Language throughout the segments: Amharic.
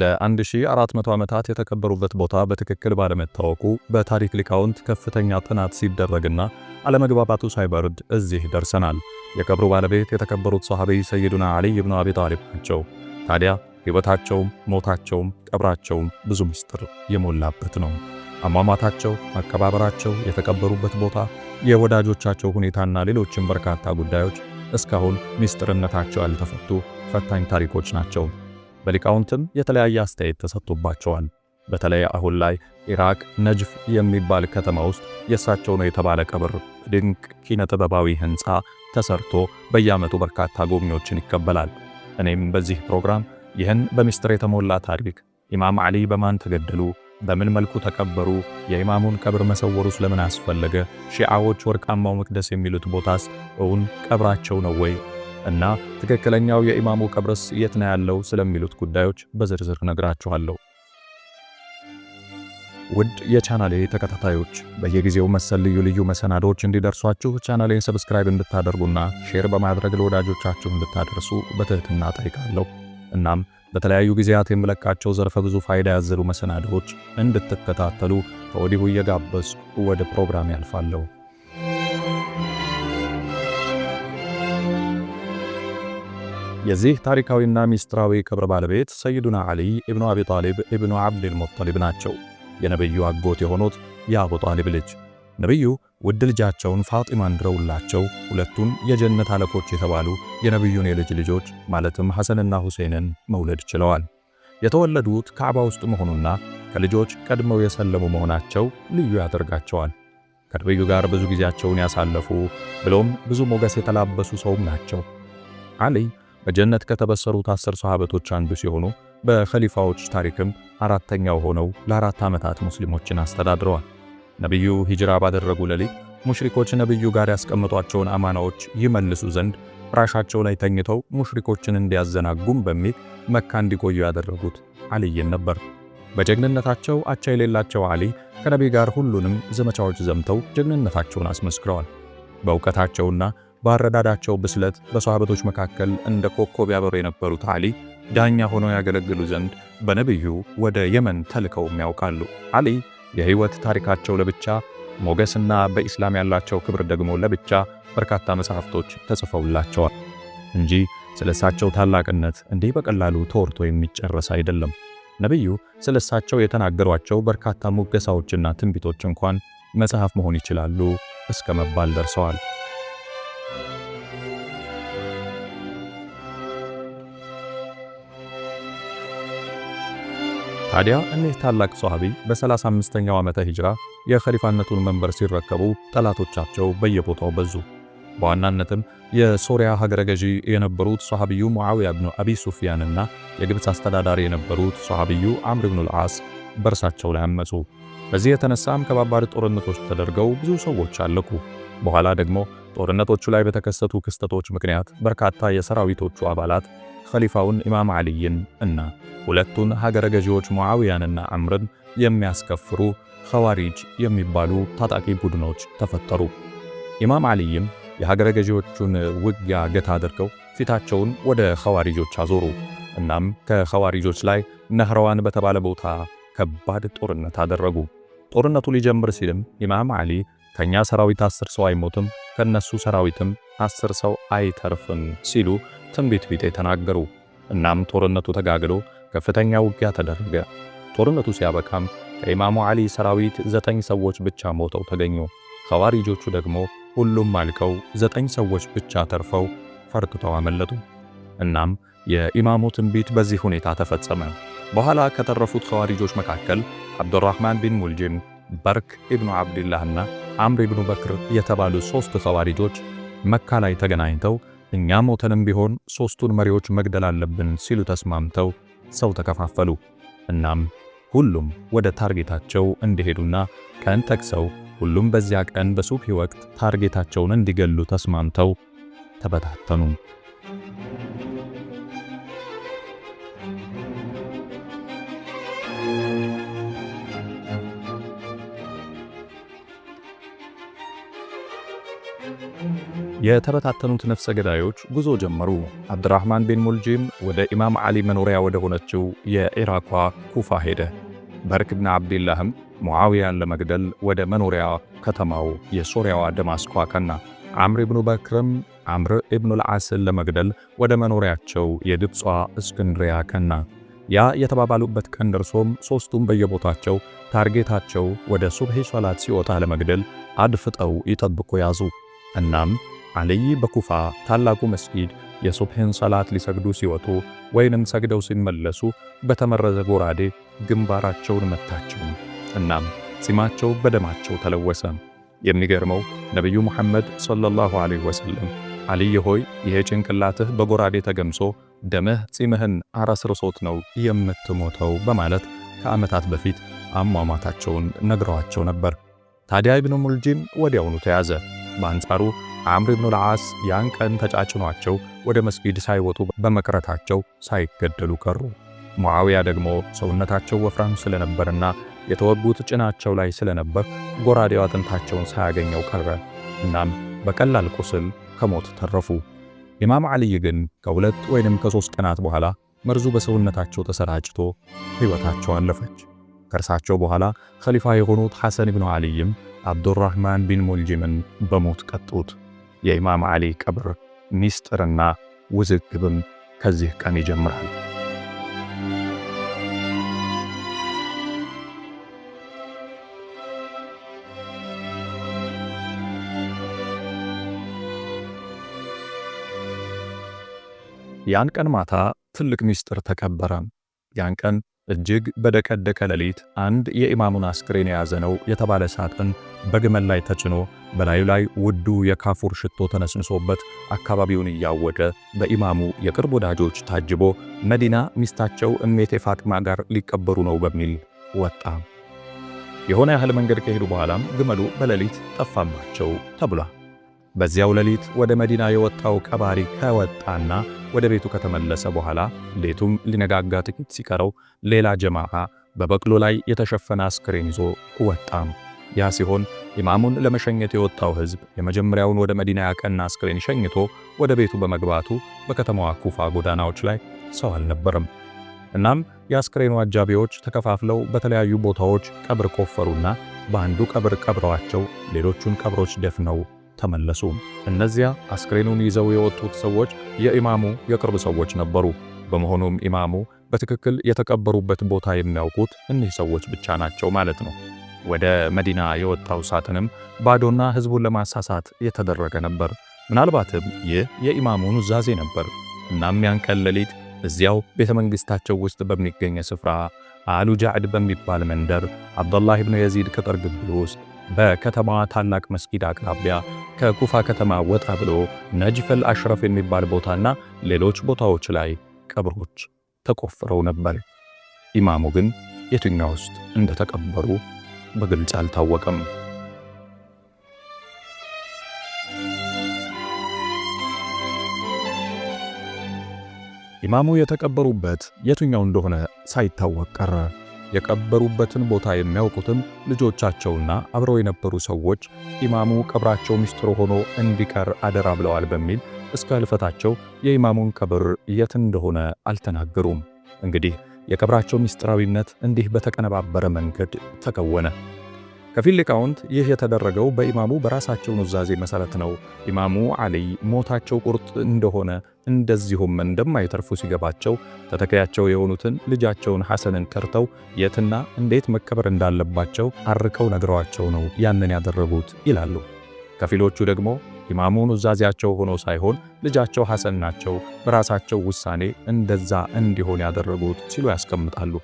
ለ1400 ዓመታት የተከበሩበት ቦታ በትክክል ባለመታወቁ በታሪክ ሊቃውንት ከፍተኛ ጥናት ሲደረግና አለመግባባቱ ሳይበርድ እዚህ ደርሰናል። የቀብሩ ባለቤት የተከበሩት ሰሐቢ ሰይዱና አሊ ኢብኑ አቢ ጣሊብ ናቸው። ታዲያ ሕይወታቸውም ሞታቸውም ቀብራቸውም ብዙ ምስጢር የሞላበት ነው። አሟሟታቸው፣ አቀባበራቸው፣ የተቀበሩበት ቦታ የወዳጆቻቸው ሁኔታና ሌሎችም በርካታ ጉዳዮች እስካሁን ሚስጥርነታቸው ያልተፈቱ ፈታኝ ታሪኮች ናቸው። በሊቃውንትም የተለያየ አስተያየት ተሰጥቶባቸዋል። በተለይ አሁን ላይ ኢራቅ ነጅፍ የሚባል ከተማ ውስጥ የእሳቸው ነው የተባለ ቀብር ድንቅ ኪነጥበባዊ ሕንፃ ተሰርቶ በየዓመቱ በርካታ ጎብኚዎችን ይቀበላል። እኔም በዚህ ፕሮግራም ይህን በሚስጥር የተሞላ ታሪክ ኢማም ዓሊ በማን ተገደሉ በምን መልኩ ተቀበሩ? የኢማሙን ቀብር መሰወሩስ ለምን አስፈለገ? ሺዓዎች ወርቃማው መቅደስ የሚሉት ቦታስ እውን ቀብራቸው ነው ወይ? እና ትክክለኛው የኢማሙ ቀብርስ የት ነው ያለው ስለሚሉት ጉዳዮች በዝርዝር ነግራችኋለሁ። ውድ የቻናሌ ተከታታዮች በየጊዜው መሰል ልዩ ልዩ መሰናዶዎች እንዲደርሷችሁ ቻናሌን ሰብስክራይብ እንድታደርጉና ሼር በማድረግ ለወዳጆቻችሁ እንድታደርሱ በትህትና ጠይቃለሁ። እናም በተለያዩ ጊዜያት የምለቃቸው ዘርፈ ብዙ ፋይዳ ያዘሉ መሰናዶዎች እንድትከታተሉ ከወዲሁ እየጋበዝኩ ወደ ፕሮግራም ያልፋለሁ። የዚህ ታሪካዊና ሚስጥራዊ ክብር ባለቤት ሰይዱና ዓሊ ኢብኑ አቢ ጣሊብ ኢብኑ ዓብድልሙጠሊብ ናቸው። የነቢዩ አጎት የሆኑት የአቡ ጣሊብ ልጅ ነቢዩ ውድ ልጃቸውን ፋጢማን ድረውላቸው ሁለቱን የጀነት አለቆች የተባሉ የነቢዩን የልጅ ልጆች ማለትም ሐሰንና ሁሴንን መውለድ ችለዋል። የተወለዱት ካዕባ ውስጥ መሆኑና ከልጆች ቀድመው የሰለሙ መሆናቸው ልዩ ያደርጋቸዋል። ከነቢዩ ጋር ብዙ ጊዜያቸውን ያሳለፉ ብሎም ብዙ ሞገስ የተላበሱ ሰውም ናቸው። አሊይ በጀነት ከተበሰሩት አስር ሰሃበቶች አንዱ ሲሆኑ በኸሊፋዎች ታሪክም አራተኛው ሆነው ለአራት ዓመታት ሙስሊሞችን አስተዳድረዋል። ነቢዩ ሂጅራ ባደረጉ ሌሊት ሙሽሪኮች ነቢዩ ጋር ያስቀምጧቸውን አማናዎች ይመልሱ ዘንድ ፍራሻቸው ላይ ተኝተው ሙሽሪኮችን እንዲያዘናጉም በሚል መካ እንዲቆዩ ያደረጉት አልይን ነበር። በጀግንነታቸው አቻ የሌላቸው አሊ ከነቢይ ጋር ሁሉንም ዘመቻዎች ዘምተው ጀግንነታቸውን አስመስክረዋል። በእውቀታቸውና በአረዳዳቸው ብስለት በሰሃበቶች መካከል እንደ ኮከብ ያበሩ የነበሩት አሊ ዳኛ ሆነው ያገለግሉ ዘንድ በነቢዩ ወደ የመን ተልከውም ያውቃሉ። አሊ የህይወት ታሪካቸው ለብቻ ሞገስና በኢስላም ያላቸው ክብር ደግሞ ለብቻ በርካታ መጽሐፍቶች ተጽፈውላቸዋል እንጂ ስለ እሳቸው ታላቅነት እንዲህ በቀላሉ ተወርቶ የሚጨረስ አይደለም። ነቢዩ ስለ እሳቸው የተናገሯቸው በርካታ ሙገሳዎችና ትንቢቶች እንኳን መጽሐፍ መሆን ይችላሉ እስከ መባል ደርሰዋል። ታዲያ እኒህ ታላቅ ሶሐቢ በ35ኛው ዓመተ ሂጅራ የኸሊፋነቱን መንበር ሲረከቡ ጠላቶቻቸው በየቦታው በዙ። በዋናነትም የሶሪያ ሀገረ ገዢ የነበሩት ሶሐቢዩ ሙዓዊያ ብኑ አቢ ሱፊያንና የግብፅ አስተዳዳሪ የነበሩት ሶሐቢዩ አምር ብኑ ልዓስ በእርሳቸው ላይ አመፁ። በዚህ የተነሳም ከባባድ ጦርነቶች ተደርገው ብዙ ሰዎች አለቁ። በኋላ ደግሞ ጦርነቶቹ ላይ በተከሰቱ ክስተቶች ምክንያት በርካታ የሰራዊቶቹ አባላት ኸሊፋውን ኢማም ዓልይን እና ሁለቱን ሀገረ ገዢዎች ሙዓውያንና አምርን የሚያስከፍሩ ኸዋሪጅ የሚባሉ ታጣቂ ቡድኖች ተፈጠሩ። ኢማም ዓልይም የሀገረ ገዢዎቹን ውጊያ ገታ አድርገው ፊታቸውን ወደ ኸዋሪጆች አዞሩ። እናም ከኸዋሪጆች ላይ ነህረዋን በተባለ ቦታ ከባድ ጦርነት አደረጉ። ጦርነቱ ሊጀምር ሲልም ኢማም ዓሊ ከኛ ሰራዊት አስር ሰው አይሞትም ከነሱ ሰራዊትም አስር ሰው አይተርፍም ሲሉ ትንቢት ቢጤ ተናገሩ። እናም ጦርነቱ ተጋግሎ ከፍተኛ ውጊያ ተደረገ። ጦርነቱ ሲያበቃም ከኢማሙ ዓሊ ሰራዊት ዘጠኝ ሰዎች ብቻ ሞተው ተገኙ። ኸዋሪጆቹ ደግሞ ሁሉም አልቀው ዘጠኝ ሰዎች ብቻ ተርፈው ፈርትተው አመለጡ። እናም የኢማሙ ትንቢት በዚህ ሁኔታ ተፈጸመ። በኋላ ከተረፉት ኸዋሪጆች መካከል አብዱራህማን ቢን ሙልጅም፣ በርክ ኢብኑ ዓብድላህና አምር ኢብኑ በክር የተባሉ ሦስት ኸዋሪጆች መካ ላይ ተገናኝተው እኛ ሞተንም ቢሆን ሦስቱን መሪዎች መግደል አለብን ሲሉ ተስማምተው ሰው ተከፋፈሉ። እናም ሁሉም ወደ ታርጌታቸው እንዲሄዱና ቀን ተክሰው ሁሉም በዚያ ቀን በሱፊ ወቅት ታርጌታቸውን እንዲገሉ ተስማምተው ተበታተኑ። የተበታተኑት ነፍሰ ገዳዮች ጉዞ ጀመሩ። አብድራህማን ቢን ሙልጂም ወደ ኢማም ዓሊ መኖሪያ ወደ ሆነችው የኢራኳ ኩፋ ሄደ። በርክ ብን ዓብዲላህም ሙዓውያን ለመግደል ወደ መኖሪያ ከተማው የሶሪያዋ ደማስቆ አቀና። አምር ብኑ በክርም አምር ኢብኑል ዓስን ለመግደል ወደ መኖሪያቸው የግብጿ እስክንድሪያ አቀና። ያ የተባባሉበት ቀን ደርሶም ሦስቱም በየቦታቸው ታርጌታቸው ወደ ሱብሒ ሶላት ሲወጣ ለመግደል አድፍጠው ይጠብቁ ያዙ። እናም አልይ በኩፋ ታላቁ መስጊድ የሱብሕን ሰላት ሊሰግዱ ሲወጡ ወይንም ሰግደው ሲመለሱ በተመረዘ ጎራዴ ግንባራቸውን መታቸው። እናም ጺማቸው በደማቸው ተለወሰ። የሚገርመው ነቢዩ ሙሐመድ ሰለላሁ ዐለይሂ ወሰለም አልይ ሆይ ይሄ ጭንቅላትህ በጎራዴ ተገምሶ ደምህ ጺምህን አረስርሶት ነው የምትሞተው በማለት ከዓመታት በፊት አሟሟታቸውን ነግረዋቸው ነበር። ታዲያ ኢብኑ ሙልጂም ወዲያውኑ ተያዘ። በአንጻሩ አምር ብኑ ልዓስ ያን ቀን ተጫጭኗቸው ወደ መስጊድ ሳይወጡ በመቅረታቸው ሳይገደሉ ቀሩ። ሙዓውያ ደግሞ ሰውነታቸው ወፍራም ስለነበርና የተወጉት ጭናቸው ላይ ስለነበር ጎራዴው አጥንታቸውን ሳያገኘው ቀረ። እናም በቀላል ቁስል ከሞት ተረፉ። ኢማም ዓልይ ግን ከሁለት ወይንም ከሦስት ቀናት በኋላ መርዙ በሰውነታቸው ተሰራጭቶ ሕይወታቸው አለፈች። ከእርሳቸው በኋላ ኸሊፋ የሆኑት ሐሰን ብኑ ዓልይም አብዱራህማን ቢን ሙልጅምን በሞት ቀጡት። የኢማም ዓሊ ቀብር ሚስጥርና ውዝግብም ከዚህ ቀን ይጀምራል። ያን ቀን ማታ ትልቅ ሚስጥር ተከበረ። ያን ቀን እጅግ በደቀደቀ ሌሊት አንድ የኢማሙን አስክሬን የያዘ ነው የተባለ ሳጥን በግመል ላይ ተጭኖ በላዩ ላይ ውዱ የካፉር ሽቶ ተነስንሶበት አካባቢውን እያወደ በኢማሙ የቅርብ ወዳጆች ታጅቦ መዲና ሚስታቸው እሜቴ ፋጥማ ጋር ሊቀበሩ ነው በሚል ወጣ። የሆነ ያህል መንገድ ከሄዱ በኋላም ግመሉ በሌሊት ጠፋባቸው ተብሏል። በዚያው ሌሊት ወደ መዲና የወጣው ቀባሪ ከወጣና ወደ ቤቱ ከተመለሰ በኋላ ሌቱም ሊነጋጋ ጥቂት ሲቀረው ሌላ ጀማዓ በበቅሎ ላይ የተሸፈነ አስክሬን ይዞ ወጣም። ያ ሲሆን ኢማሙን ለመሸኘት የወጣው ህዝብ የመጀመሪያውን ወደ መዲና ያቀና አስክሬን ሸኝቶ ወደ ቤቱ በመግባቱ በከተማዋ ኩፋ ጎዳናዎች ላይ ሰው አልነበረም። እናም የአስክሬኑ አጃቢዎች ተከፋፍለው በተለያዩ ቦታዎች ቀብር ቆፈሩና በአንዱ ቀብር ቀብረዋቸው ሌሎቹን ቀብሮች ደፍነው ተመለሱ። እነዚያ አስክሬኑን ይዘው የወጡት ሰዎች የኢማሙ የቅርብ ሰዎች ነበሩ። በመሆኑም ኢማሙ በትክክል የተቀበሩበት ቦታ የሚያውቁት እኒህ ሰዎች ብቻ ናቸው ማለት ነው። ወደ መዲና የወጣው ሳጥንም ባዶና ህዝቡን ለማሳሳት የተደረገ ነበር። ምናልባትም ይህ የኢማሙ ኑዛዜ ነበር። እናም ያን ቀን ሌሊት እዚያው ቤተ መንግሥታቸው ውስጥ በሚገኝ ስፍራ አሉ ጃዕድ በሚባል መንደር አብዱላህ ኢብኑ የዚድ ቅጥር ግቢ ውስጥ በከተማዋ ታላቅ መስጊድ አቅራቢያ ከኩፋ ከተማ ወጣ ብሎ ነጅፈል አሽረፍ የሚባል ቦታና ሌሎች ቦታዎች ላይ ቀብሮች ተቆፍረው ነበር። ኢማሙ ግን የትኛው ውስጥ እንደተቀበሩ በግልጽ አልታወቀም። ኢማሙ የተቀበሩበት የትኛው እንደሆነ ሳይታወቅ ቀረ። የቀበሩበትን ቦታ የሚያውቁትም ልጆቻቸውና አብረው የነበሩ ሰዎች ኢማሙ ቀብራቸው ሚስጥር ሆኖ እንዲቀር አደራ ብለዋል በሚል እስከ ልፈታቸው የኢማሙን ቀብር የት እንደሆነ አልተናገሩም። እንግዲህ የቀብራቸው ምስጢራዊነት እንዲህ በተቀነባበረ መንገድ ተከወነ። ከፊል ሊቃውንት ይህ የተደረገው በኢማሙ በራሳቸው ኑዛዜ መሰረት ነው። ኢማሙ ዓሊይ ሞታቸው ቁርጥ እንደሆነ እንደዚሁም እንደማይተርፉ ሲገባቸው ተተኪያቸው የሆኑትን ልጃቸውን ሐሰንን ከርተው የትና እንዴት መከበር እንዳለባቸው አርከው ነግረዋቸው ነው ያንን ያደረጉት ይላሉ። ከፊሎቹ ደግሞ ኢማሙ ኑዛዜያቸው ሆኖ ሳይሆን ልጃቸው ሐሰን ናቸው በራሳቸው ውሳኔ እንደዛ እንዲሆን ያደረጉት ሲሉ ያስቀምጣሉ።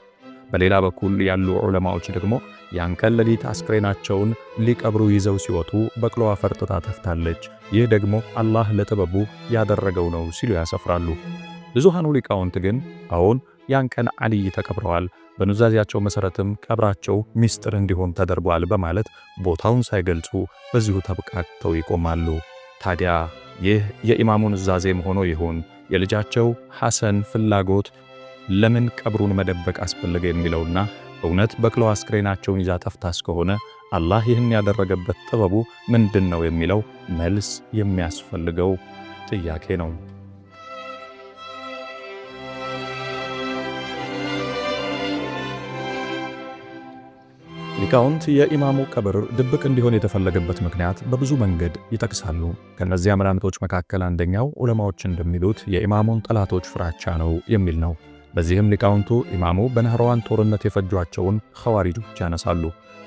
በሌላ በኩል ያሉ ዑለማዎች ደግሞ ያን ሌሊት አስክሬናቸውን ሊቀብሩ ይዘው ሲወጡ በቅሎዋ ፈርጥታ ተፍታለች። ይህ ደግሞ አላህ ለጥበቡ ያደረገው ነው ሲሉ ያሰፍራሉ። ብዙሃኑ ሊቃውንት ግን አሁን ያን አልይ ተቀብረዋል፣ በኑዛዜያቸው መሰረትም ቀብራቸው ሚስጥር እንዲሆን ተደርጓል በማለት ቦታውን ሳይገልጹ በዚሁ ተብቃቅተው ይቆማሉ። ታዲያ ይህ የኢማሙ ኑዛዜ ሆኖ ይሁን የልጃቸው ሐሰን ፍላጎት ለምን ቀብሩን መደበቅ አስፈለገ የሚለውና እውነት በቅለው አስክሬናቸውን ይዛ ጠፍታ እስከሆነ አላህ ይህን ያደረገበት ጥበቡ ምንድን ነው የሚለው መልስ የሚያስፈልገው ጥያቄ ነው። ሊቃውንት የኢማሙ ቀብር ድብቅ እንዲሆን የተፈለገበት ምክንያት በብዙ መንገድ ይጠቅሳሉ። ከእነዚያ መላምቶች መካከል አንደኛው ዑለማዎች እንደሚሉት የኢማሙን ጠላቶች ፍራቻ ነው የሚል ነው። በዚህም ሊቃውንቱ ኢማሙ በነህራዋን ጦርነት የፈጇቸውን ኸዋሪጆች ያነሳሉ።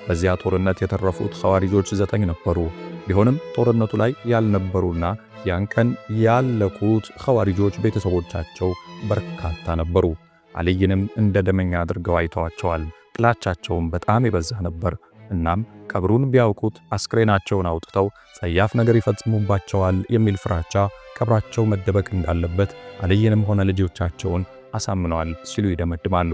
በዚያ ጦርነት የተረፉት ኸዋሪጆች ዘጠኝ ነበሩ። ቢሆንም ጦርነቱ ላይ ያልነበሩና ያን ቀን ያለቁት ኸዋሪጆች ቤተሰቦቻቸው በርካታ ነበሩ። አልይንም እንደ ደመኛ አድርገው አይተዋቸዋል። ጥላቻቸውም በጣም የበዛ ነበር። እናም ቀብሩን ቢያውቁት አስክሬናቸውን አውጥተው ጸያፍ ነገር ይፈጽሙባቸዋል የሚል ፍራቻ ቀብራቸው መደበቅ እንዳለበት አልይንም ሆነ ልጆቻቸውን አሳምነዋል ሲሉ ይደመድማሉ።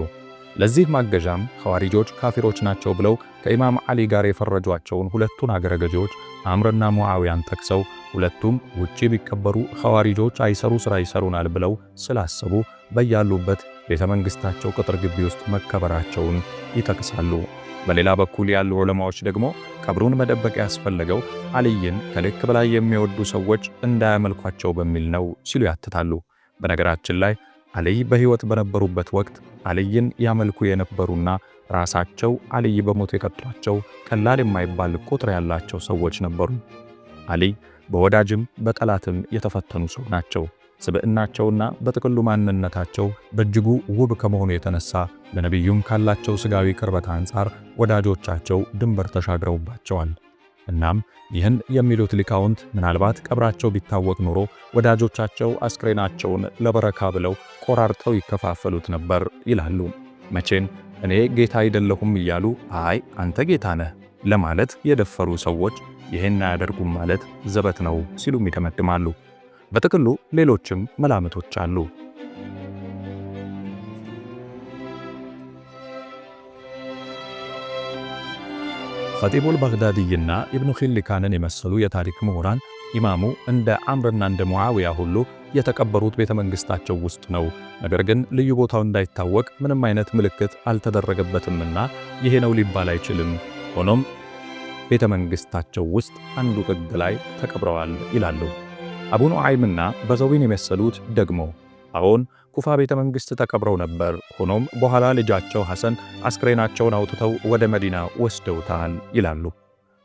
ለዚህ ማገዣም ሐዋሪጆች ካፊሮች ናቸው ብለው ከኢማም ዓሊ ጋር የፈረጇቸውን ሁለቱን አገረ ገዢዎች አምርና ሙዓውያን ጠቅሰው ሁለቱም ውጪ ቢከበሩ ሐዋሪጆች አይሰሩ ሥራ ይሰሩናል ብለው ስላሰቡ በያሉበት ቤተ መንግሥታቸው ቅጥር ግቢ ውስጥ መከበራቸውን ይጠቅሳሉ። በሌላ በኩል ያሉ ዑለማዎች ደግሞ ቀብሩን መደበቅ ያስፈለገው አልይን ከልክ በላይ የሚወዱ ሰዎች እንዳያመልኳቸው በሚል ነው ሲሉ ያትታሉ። በነገራችን ላይ አልይ በህይወት በነበሩበት ወቅት አልይን ያመልኩ የነበሩና ራሳቸው አልይ በሞት የቀጧቸው ቀላል የማይባል ቁጥር ያላቸው ሰዎች ነበሩ። አልይ በወዳጅም በጠላትም የተፈተኑ ሰው ናቸው። ስብዕናቸውና በጥቅሉ ማንነታቸው በእጅጉ ውብ ከመሆኑ የተነሳ ለነቢዩም ካላቸው ስጋዊ ቅርበት አንጻር ወዳጆቻቸው ድንበር ተሻግረውባቸዋል። እናም ይህን የሚሉት ሊቃውንት ምናልባት ቀብራቸው ቢታወቅ ኖሮ ወዳጆቻቸው አስክሬናቸውን ለበረካ ብለው ቆራርጠው ይከፋፈሉት ነበር ይላሉ። መቼን እኔ ጌታ አይደለሁም እያሉ አይ አንተ ጌታ ነህ ለማለት የደፈሩ ሰዎች ይህን አያደርጉም ማለት ዘበት ነው ሲሉም ይደመድማሉ። በጥቅሉ ሌሎችም መላምቶች አሉ። ኸጢቡል ባግዳዲይና ኢብኑ ኺልካንን የመሰሉ የታሪክ ምሁራን ኢማሙ እንደ አምርና እንደ ሙዓዊያ ሁሉ የተቀበሩት ቤተ መንግሥታቸው ውስጥ ነው። ነገር ግን ልዩ ቦታው እንዳይታወቅ ምንም አይነት ምልክት አልተደረገበትምና ይሄ ነው ሊባል አይችልም። ሆኖም ቤተ መንግሥታቸው ውስጥ አንዱ ጥግ ላይ ተቀብረዋል ይላሉ። አቡ ኑዓይምና በዘዊን የመሰሉት ደግሞ አዎን ኩፋ ቤተ መንግሥት ተቀብረው ነበር። ሆኖም በኋላ ልጃቸው ሐሰን አስክሬናቸውን አውጥተው ወደ መዲና ወስደውታል ይላሉ።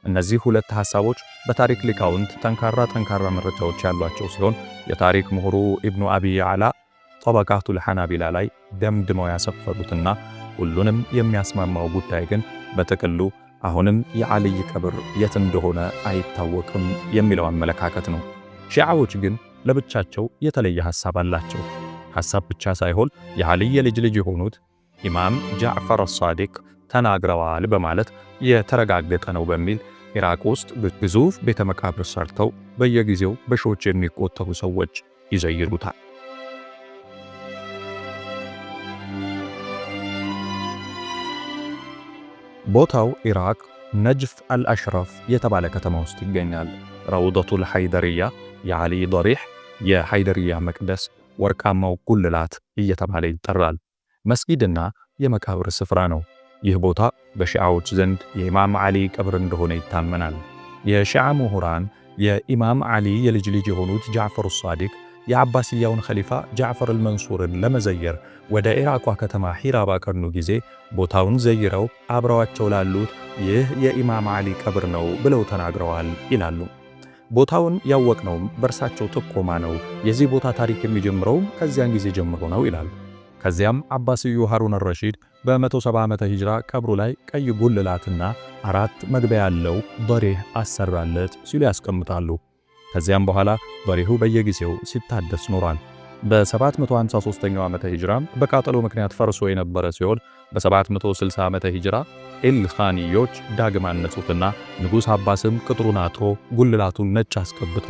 እነዚህ ሁለት ሐሳቦች በታሪክ ሊካውንት ጠንካራ ጠንካራ መረጃዎች ያሏቸው ሲሆን የታሪክ ምሁሩ ኢብኑ አቢይ አላ ጠበቃቱል ሐናቢላ ላይ ደምድመው ያሰፈሩትና ሁሉንም የሚያስማማው ጉዳይ ግን በጥቅሉ አሁንም የዓልይ ቀብር የት እንደሆነ አይታወቅም የሚለው አመለካከት ነው። ሺዓዎች ግን ለብቻቸው የተለየ ሐሳብ አላቸው። ሐሳብ ብቻ ሳይሆን የአልይ ልጅ ልጅ የሆኑት ኢማም ጃዕፈር አሳዲቅ ተናግረዋል በማለት የተረጋገጠ ነው በሚል ኢራቅ ውስጥ ግዙፍ ቤተ መቃብር ሰርተው በየጊዜው በሺዎች የሚቆጠሩ ሰዎች ይዘይሩታል። ቦታው ኢራቅ ነጅፍ አልአሽራፍ የተባለ ከተማ ውስጥ ይገኛል። ረውደቱል ሐይደርያ የዓሊ ዶሪሕ የሐይደርያ መቅደስ ወርቃማው ጉልላት እየተባለ ይጠራል። መስጊድና የመቃብር ስፍራ ነው። ይህ ቦታ በሺዓዎች ዘንድ የኢማም ዓሊ ቀብር እንደሆነ ይታመናል። የሺዓ ምሁራን የኢማም ዓሊ የልጅ ልጅ የሆኑት ጃዕፈር ሳዲቅ የአባስያውን ኸሊፋ ጃዕፈር አልመንሱርን ለመዘየር ወደ ኢራቋ ከተማ ሂራ ባቀኑ ጊዜ ቦታውን ዘይረው አብረዋቸው ላሉት ይህ የኢማም ዓሊ ቀብር ነው ብለው ተናግረዋል ይላሉ። ቦታውን ያወቅነውም በእርሳቸው ጥቆማ ነው። የዚህ ቦታ ታሪክ የሚጀምረውም ከዚያን ጊዜ ጀምሮ ነው ይላል። ከዚያም አባስዩ ሐሩን ረሺድ በ170 ዓመተ ሂጅራ ቀብሩ ላይ ቀይ ጉልላትና አራት መግቢያ ያለው በሬህ አሰራለት ሲሉ ያስቀምጣሉ። ከዚያም በኋላ በሬሁ በየጊዜው ሲታደስ ኖሯል። በ753 ዓመተ ሂጅራ በቃጠሎ ምክንያት ፈርሶ የነበረ ሲሆን በ760 ዓመተ ሂጅራ ኤልኻኒዮች ዳግም አነጹትና ንጉሥ አባስም ቅጥሩን አጥሮ ጉልላቱን ነጭ አስቀብቶ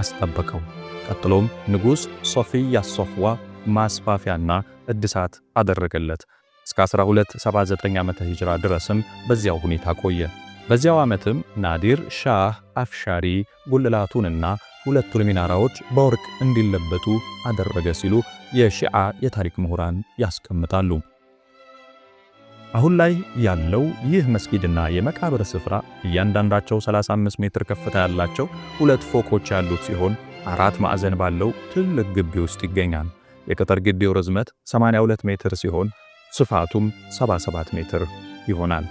አስጠበቀው። ቀጥሎም ንጉሥ ሶፊ ሶፍዋ ማስፋፊያና እድሳት አደረገለት። እስከ 1279 ዓመተ ሂጅራ ድረስም በዚያው ሁኔታ ቆየ። በዚያው ዓመትም ናዲር ሻህ አፍሻሪ ጉልላቱንና ሁለቱ ሚናራዎች በወርቅ እንዲለበጡ አደረገ ሲሉ የሺዓ የታሪክ ምሁራን ያስቀምጣሉ። አሁን ላይ ያለው ይህ መስጊድና የመቃብር ስፍራ እያንዳንዳቸው 35 ሜትር ከፍታ ያላቸው ሁለት ፎቆች ያሉት ሲሆን አራት ማዕዘን ባለው ትልቅ ግቢ ውስጥ ይገኛል። የቅጥር ግቢው ርዝመት 82 ሜትር ሲሆን ስፋቱም 77 ሜትር ይሆናል።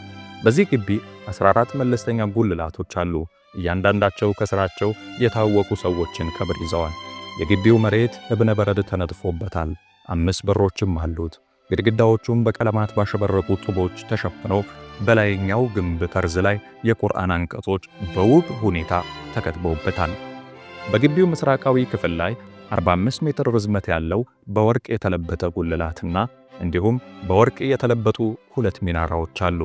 በዚህ ግቢ 14 መለስተኛ ጉልላቶች አሉ። እያንዳንዳቸው ከሥራቸው የታወቁ ሰዎችን ከብር ይዘዋል። የግቢው መሬት እብነ በረድ ተነጥፎበታል። አምስት በሮችም አሉት። ግድግዳዎቹም በቀለማት ባሸበረቁ ጡቦች ተሸፍኖ በላይኛው ግንብ ተርዝ ላይ የቁርአን አንቀጾች በውብ ሁኔታ ተከትበውበታል። በግቢው ምስራቃዊ ክፍል ላይ 45 ሜትር ርዝመት ያለው በወርቅ የተለበተ ጉልላትና እንዲሁም በወርቅ የተለበጡ ሁለት ሚናራዎች አሉ።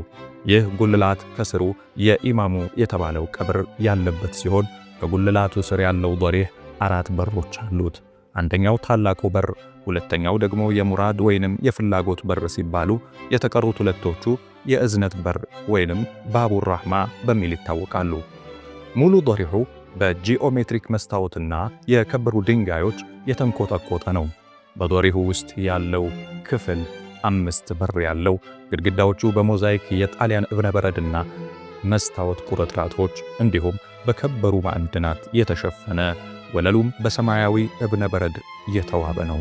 ይህ ጉልላት ከስሩ የኢማሙ የተባለው ቀብር ያለበት ሲሆን በጉልላቱ ስር ያለው ዶሬህ አራት በሮች አሉት። አንደኛው ታላቁ በር፣ ሁለተኛው ደግሞ የሙራድ ወይንም የፍላጎት በር ሲባሉ የተቀሩት ሁለቶቹ የእዝነት በር ወይንም ባቡር ራህማ በሚል ይታወቃሉ። ሙሉ ዶሪሁ በጂኦሜትሪክ መስታወትና የከበሩ ድንጋዮች የተንቆጠቆጠ ነው። በዶሪሁ ውስጥ ያለው ክፍል አምስት በር ያለው ግድግዳዎቹ በሞዛይክ የጣሊያን እብነበረድና መስታወት ቁርጥራቶች እንዲሁም በከበሩ ማዕድናት የተሸፈነ ወለሉም በሰማያዊ እብነበረድ የተዋበ ነው።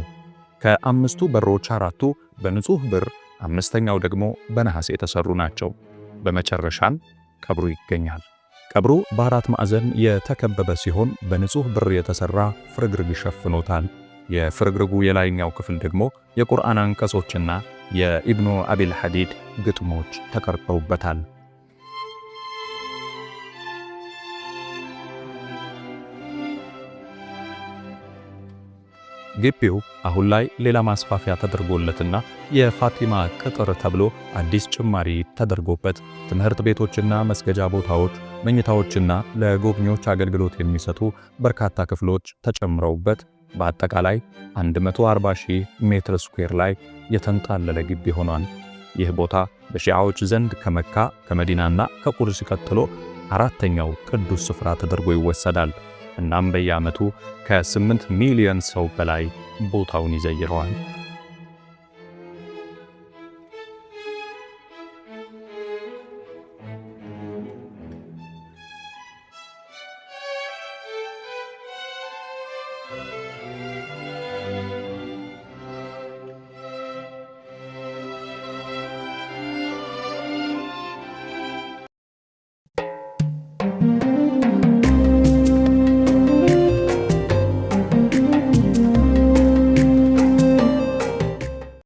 ከአምስቱ በሮች አራቱ በንጹህ ብር፣ አምስተኛው ደግሞ በነሐስ የተሰሩ ናቸው። በመጨረሻም ቀብሩ ይገኛል። ቀብሩ በአራት ማዕዘን የተከበበ ሲሆን በንጹህ ብር የተሰራ ፍርግርግ ይሸፍኖታል። የፍርግርጉ የላይኛው ክፍል ደግሞ የቁርአን አንቀጾችና የኢብኑ አቢል ሐዲድ ግጥሞች ተቀርጸውበታል። ግቢው አሁን ላይ ሌላ ማስፋፊያ ተደርጎለትና የፋቲማ ቅጥር ተብሎ አዲስ ጭማሪ ተደርጎበት ትምህርት ቤቶችና መስገጃ ቦታዎች፣ መኝታዎችና ለጎብኚዎች አገልግሎት የሚሰጡ በርካታ ክፍሎች ተጨምረውበት በአጠቃላይ 140,000 ሜትር ስኩዌር ላይ የተንጣለለ ግቢ ሆኗል። ይህ ቦታ በሺዓዎች ዘንድ ከመካ ከመዲናና ከቁርስ ቀጥሎ አራተኛው ቅዱስ ስፍራ ተደርጎ ይወሰዳል። እናም በየዓመቱ ከ8 ሚሊዮን ሰው በላይ ቦታውን ይዘይረዋል።